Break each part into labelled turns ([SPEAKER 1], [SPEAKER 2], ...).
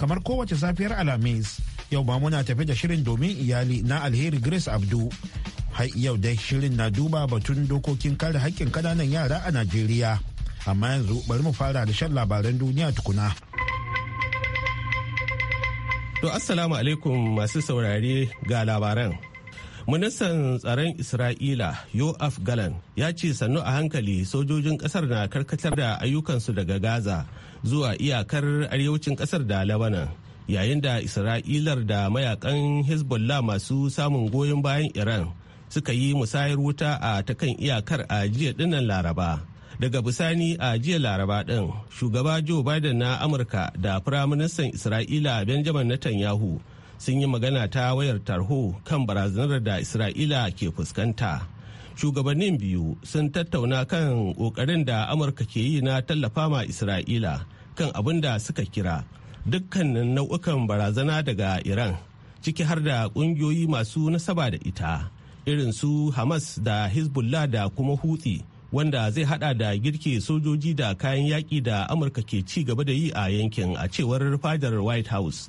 [SPEAKER 1] kamar kowace safiyar alhamis yau ba muna tafi da shirin domin iyali na alheri grace abdu har yau dai shirin na duba batun dokokin kare hakkin kananan yara a najeriya amma yanzu bari mu fara da shan
[SPEAKER 2] labaran duniya tukuna to assalamu alaikum masu saurare ga labaran ministan tsaron isra'ila yoaf galan ya ce sannu a hankali sojojin kasar na karkatar da ayyukansu daga gaza zuwa iyakar arewacin kasar da labanan yayin da isra'ilar da mayakan hezbollah masu samun goyon bayan iran suka yi musayar wuta a ta kan iyakar a jiya dinnan laraba daga bisani a jiya laraba din shugaba joe biden na amurka da firaministan isra'ila benjamin netanyahu sun yi magana ta wayar tarho kan barazanar da isra'ila ke fuskanta shugabannin biyu sun tattauna kan ƙoƙarin da amurka ke yi na tallafa ma isra'ila kan abin da suka kira dukkanin nau'ukan barazana daga iran ciki har da ƙungiyoyi masu nasaba da ita irin su hamas da hezbollah da kuma hutsi wanda zai hada da girke sojoji da kayan yaƙi da amurka ke ci gaba da yi a yankin a cewar fadar white house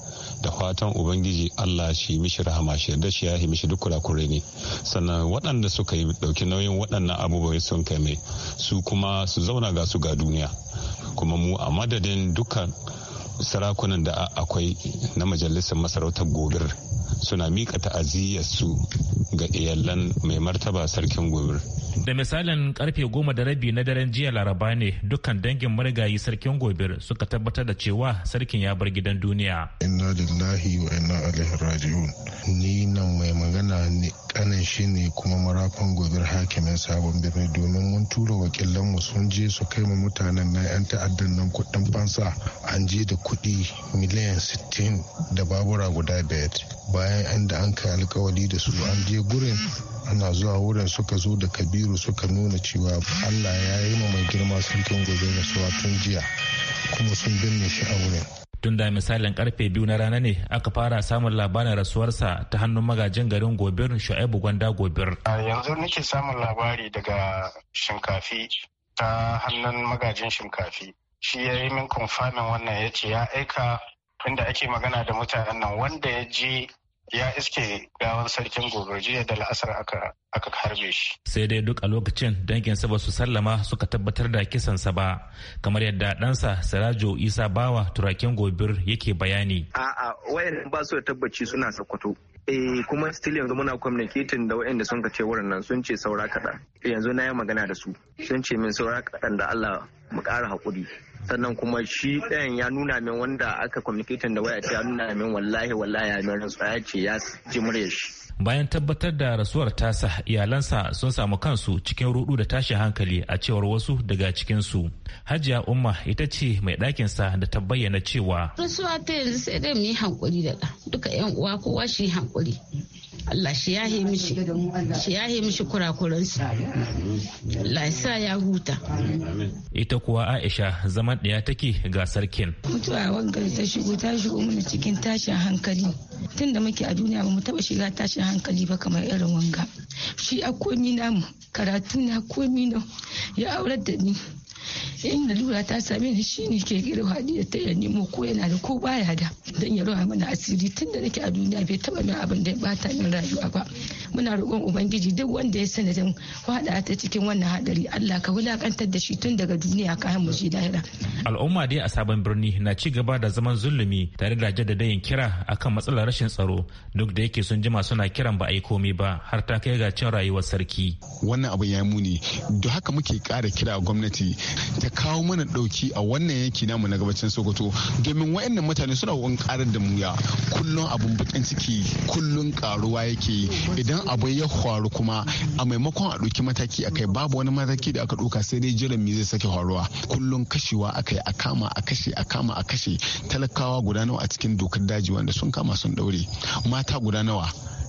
[SPEAKER 3] da fatan ubangiji allah shi mishi rahama shi da shi ya yi mishi duk kurakure ne sannan waɗanda suka yi ɗauki nauyin waɗannan abubuwa sun kai mai su kuma su zauna ga su ga duniya kuma mu a madadin dukkan sarakunan da akwai na majalisar masarautar gobir suna mika su ga iyalan mai martaba sarkin gobir.
[SPEAKER 4] Da misalin karfe goma da rabi na daren jiya laraba ne dukkan dangin marigayi sarkin gobir suka tabbatar da cewa sarkin ya bar gidan duniya.
[SPEAKER 5] Inna lillahi wa inna alayhi raji'un. Ni nan mai magana ne kanin shi ne kuma marafan gobir hakimin sabon birni domin mun tura wakilan mu sun je su kai mu mutanen na yan ta'addan nan kudin fansa an je da kudi miliyan sittin da babura guda biyar. bayan inda an kai alkawari da su an je gurin ana zuwa wurin suka zo da kabiru suka nuna cewa allah ya yi ma mai girma sarkin gobe na suwa tun jiya kuma sun binne shi a wurin tun da
[SPEAKER 4] misalin karfe biyu na rana ne aka fara samun labarin rasuwarsa ta hannun magajin garin gobirin shu'aibu gwanda gobir
[SPEAKER 3] yanzu nake samun labari daga shinkafi ta hannun magajin shinkafi shi ya yi min kumfamin wannan ya ce ya aika
[SPEAKER 5] tunda ake magana da mutanen nan wanda ya je ya
[SPEAKER 4] iske gawan sarkin gobe jiya da la'asar aka harbe shi. Sai dai duk a lokacin danginsa ba su sallama suka tabbatar da kisansa ba kamar yadda ɗansa Sirajo Isa Bawa turakin gobir yake bayani.
[SPEAKER 5] A'a wayan ba su da tabbaci suna sakwato. eh kuma still yanzu muna communicating da waɗanda sun ka ce wurin nan sun ce saura kaɗan yanzu na yi magana da su sun ce min saura kaɗan da Allah mu ƙara haƙuri sannan kuma shi ɗayan ya nuna min wanda aka communicating da waya ta ya nuna min wallahi wallahi ya mai rantsuwa ya ce ya ji murya shi
[SPEAKER 4] bayan tabbatar da rasuwar tasa iyalansa sun samu kansu cikin rudu da tashin hankali a cewar wasu daga cikinsu hajiya umma ita ce mai ɗakin sa da ta bayyana cewa
[SPEAKER 6] rasuwa ta yanzu sai dai mu yi hankuli da duka yan uwa kowa shi hankuli. Allah shi ya mishi shi yahe mishi kurakuransu Allah ya sa ya huta
[SPEAKER 4] ita kuwa Aisha zaman ɗaya take ga sarkin mutuwa wangar ta
[SPEAKER 6] shigo ta shigo mana cikin tashin hankali tunda muke a duniya ba mu taba shiga tashin hankali ba kamar irin wanga shi a komi namu karatu na komi na ya aurar da ni sai in lura ta same ni shine ke gida hadiya ta ya nemo ko yana da ko baya da dan ya rawa mana asiri tunda nake a duniya bai taba min abin da ya bata min rayuwa ba muna roƙon ubangiji duk wanda ya sanadin wada ta cikin wannan hadari Allah ka wulakantar da shi tun daga duniya ka mu shi lahira
[SPEAKER 4] al'umma dai a sabon birni na ci gaba da zaman zulumi tare da jaddadayin kira akan matsalar rashin tsaro duk da yake sun jima suna kiran ba a yi komai ba har ta kai ga cin rayuwar sarki
[SPEAKER 5] wannan abu ya muni da haka muke kara kira gwamnati ta kawo mana dauki a wannan yanki namu na gabacin sokoto domin wayannan mutane suna wani karar da muya kullum abun bakin ciki kullum karuwa yake idan abu ya faru kuma a maimakon a dauki mataki akai babu wani mataki da aka dauka sai dai jiran me zai sake faruwa kullum kashewa akai a kama a kashe a kama a kashe talakawa guda nawa a cikin dokar daji wanda sun kama sun daure
[SPEAKER 4] mata guda nawa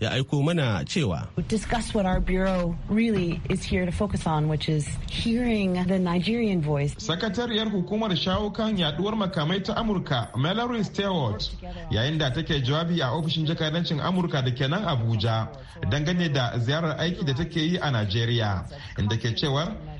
[SPEAKER 2] ya aiko mana cewa.
[SPEAKER 7] Discuss what our is here focus on, which is the
[SPEAKER 6] Nigerian voice.
[SPEAKER 3] Sakatariyar hukumar shawo kan yaduwar makamai ta Amurka, Mallory Stewart, yayin da take jawabi a ofishin jakadancin Amurka da ke nan Abuja, dangane da ziyarar aiki da take yi a Najeriya, inda ke cewar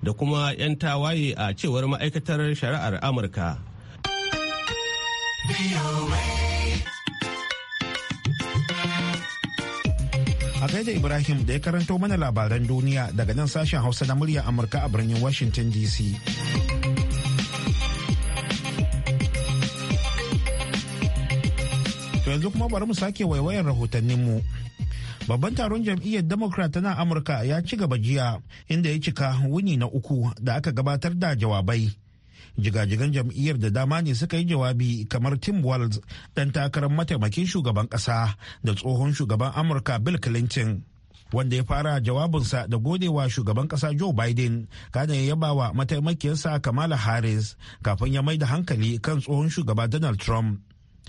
[SPEAKER 2] da kuma 'yan tawaye a cewar ma'aikatar shari'ar amurka
[SPEAKER 1] a da ibrahim da ya karanto mana labaran duniya daga nan sashen hausa na murya amurka a birnin washington dc to yanzu kuma bari mu sake waiwayar rahotanninmu Babban taron jam'iyyar Democrat na Amurka ya ci gaba jiya inda ya cika wuni na uku da aka gabatar da jawabai. Jigajigan jam'iyyar da dama ne suka yi jawabi kamar Tim Walz dan takarar mataimakin shugaban ƙasa da tsohon shugaban Amurka Bill Clinton. wanda ya fara jawabinsa da godewa shugaban kasa Joe Biden kada ya yaba wa mataimakiyarsa Kamala Harris kafin ya mai da hankali kan tsohon shugaba Donald Trump.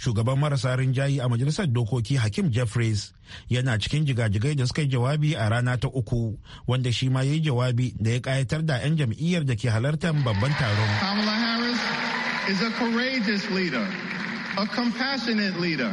[SPEAKER 1] shugaban marasa rinjayi a majalisar dokoki hakim jeffries yana cikin jigajigai da suka yi jawabi a rana ta uku wanda shi ma ya yi jawabi da ya kayatar da 'yan jam'iyyar da ke halartar babban taron
[SPEAKER 8] Harris is a courageous leader, a compassionate leader.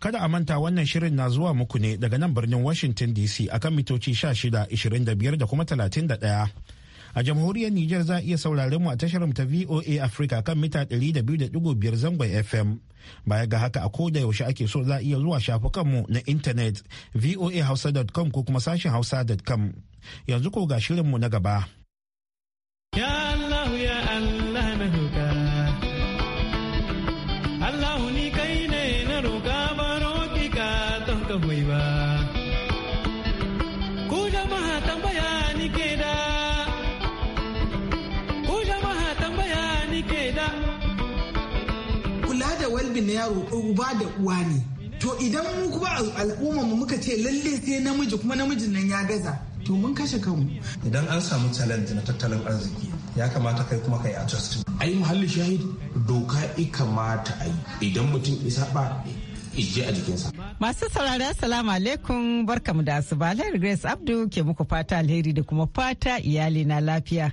[SPEAKER 1] Kada a manta wannan shirin na zuwa muku ne daga nan birnin Washington DC akan mitoci 16, 25 da kuma 31. a jamhuriyar Nijar za iya saurare mu a tashar ta VOA Africa kan mita 200.5 zangon FM. Baya ga haka a koda yaushe ake so za a iya zuwa shafukan mu na intanet voahausa.com ko kuma sashen hausa.com. Yanzu ko ga shirin mu na gaba.
[SPEAKER 8] uba da uwa ne to idan mu kuma al'umma mu muka ce lalle sai namiji kuma namijin nan ya gaza to mun kashe kanmu
[SPEAKER 9] idan an samu challenge na tattalin arziki
[SPEAKER 5] ya kamata kai kuma kai adjust ai muhalli shahid doka i kamata ai idan mutum isa ba ije a jikinsa
[SPEAKER 6] masu saurari salamu alaikum barkamu da asuba alheri grace abdu ke muku fata alheri da kuma fata iyali na lafiya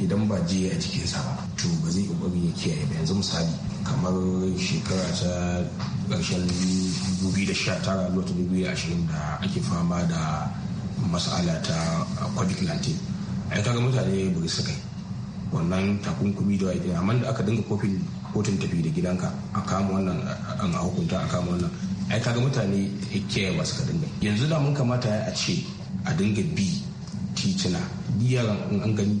[SPEAKER 7] idan ba jiya a
[SPEAKER 5] jikinsa ba to ba zai kokari ya kiyaye ba yanzu misali kamar shekara ta ƙarshen 2019 zuwa 2020 da ake fama da mas'ala ta covid-19 ai kaga mutane ba su kai wannan takunkumi da wajen amma da aka dinga kofin kotun tafi da gidanka a kama wannan an hukunta a kama wannan ai kaga mutane kiyaye ba su ka dinga yanzu da mun kamata a ce a dinga bi titina biyar an gani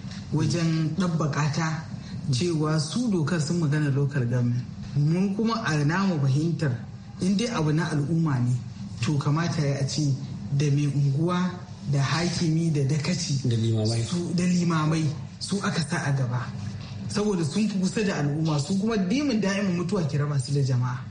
[SPEAKER 8] wajen ɗabbaka ta cewa su dokar sun magana lokar government mun kuma a namu fahimtar in dai abu na al'umma ne to kamata ya ce da mai unguwa da hakimi da dakaci da limamai su aka sa a gaba saboda sun fi kusa da al'umma su kuma dimin da'imin mutuwa kira masu da jama'a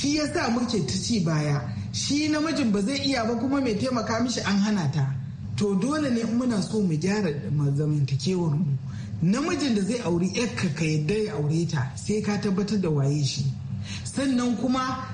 [SPEAKER 8] shi ya sa muke ta ci baya shi namijin ba zai iya ba kuma mai taimaka mishi an hana ta to dole ne muna so mu gyara zamantakewar mu namijin da zai auri yakka ka yadda ya aure ta sai ka tabbatar da waye shi sannan kuma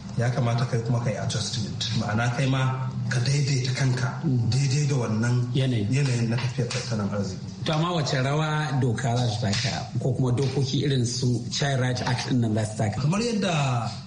[SPEAKER 9] ya kamata kai kuma kai adjustment ma'ana kai ma ka daidaita kanka daidai da wannan yanayin na tafiyar tattalin arziki
[SPEAKER 7] to amma wace rawa doka za su taka ko kuma dokoki irin su child right act din nan za su taka kamar yadda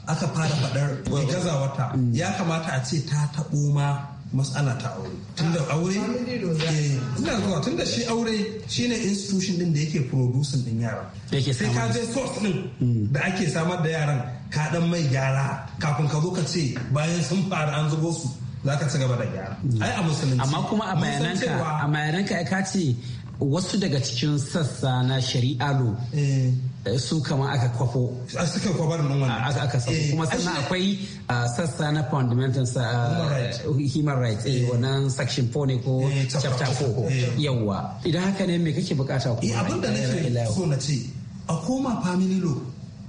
[SPEAKER 7] aka fara faɗar gazawata ya kamata a ce ta taɓo ma matsala
[SPEAKER 9] ta aure tunda aure eh, ina zuwa tunda shi aure shine institution din da yake producing din yara sai ka je source din da ake samar da yaran ka dan mai gyara kafin ka zo ka ce bayan sun fara an zubo su za ka ci gaba da gyara
[SPEAKER 7] ai a musulunci amma kuma a bayananka a bayananka ka ce wasu daga cikin sassa na shari'a lo eh. Eh, su kama aka kwafo a suka kwabar nan A aka samu eh, kuma sannan akwai ah, sassa na fundamental ah, human rights wannan section 4 ne ko chapter 4 Yawwa idan haka ne me kake bukata ku abin da nake so na ce a koma family law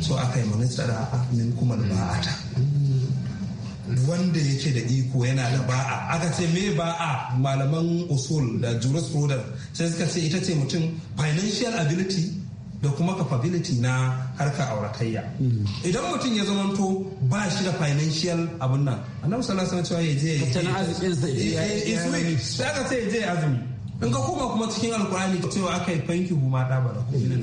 [SPEAKER 9] so aka yi manistara min kuma ba'ata wanda yake da iko yana da ba'a aka ce me ba'a malaman usul da jurisprudence sai suka ce ita ce mutum financial ability da kuma capability na harka auratayya idan mutum ya to ba shi da financial abun nan annabi sallallahu alaihi wasallam ya je tattalin arzikin sa ya eh, eh, sai aka ce ya je azumi in ka koma kuma cikin alkurani cewa aka yi fanki huma da ba da kuma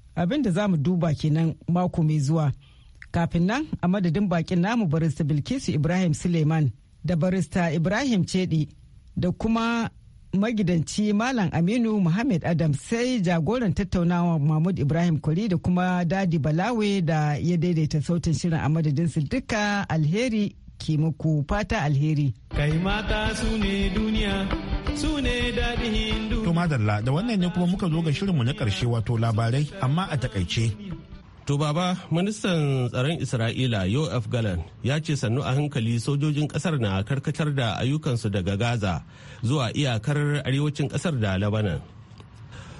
[SPEAKER 6] abin da za mu duba kenan mako mai zuwa kafin nan a madadin bakin namu barista bilkisu ibrahim suleiman da barista ibrahim cedi da kuma magidanci malam aminu muhammad adam sai jagoran tattaunawa mahmud ibrahim kuri da kuma dadi balawe da ya daidaita sautin shirin a madadinsu duka alheri ke muku fata alheri
[SPEAKER 1] kai mata su ne duniya su ne daɗin hindu. To madalla da wannan ne kuma muka zo ga shirinmu na ƙarshe wato labarai amma a takaice.
[SPEAKER 2] To baba ministan tsaron Isra'ila Yoav Galan ya ce sannu a hankali sojojin ƙasar na karkatar da ayyukansu daga Gaza zuwa iyakar arewacin ƙasar da Lebanon.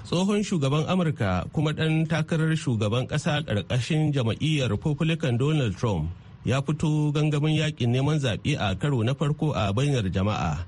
[SPEAKER 2] Tsohon shugaban Amurka kuma ɗan takarar shugaban ƙasa ƙarƙashin jama'iyyar Republican Donald Trump ya fito gangamin yaƙin neman zaɓe a karo na farko a bayyar jama'a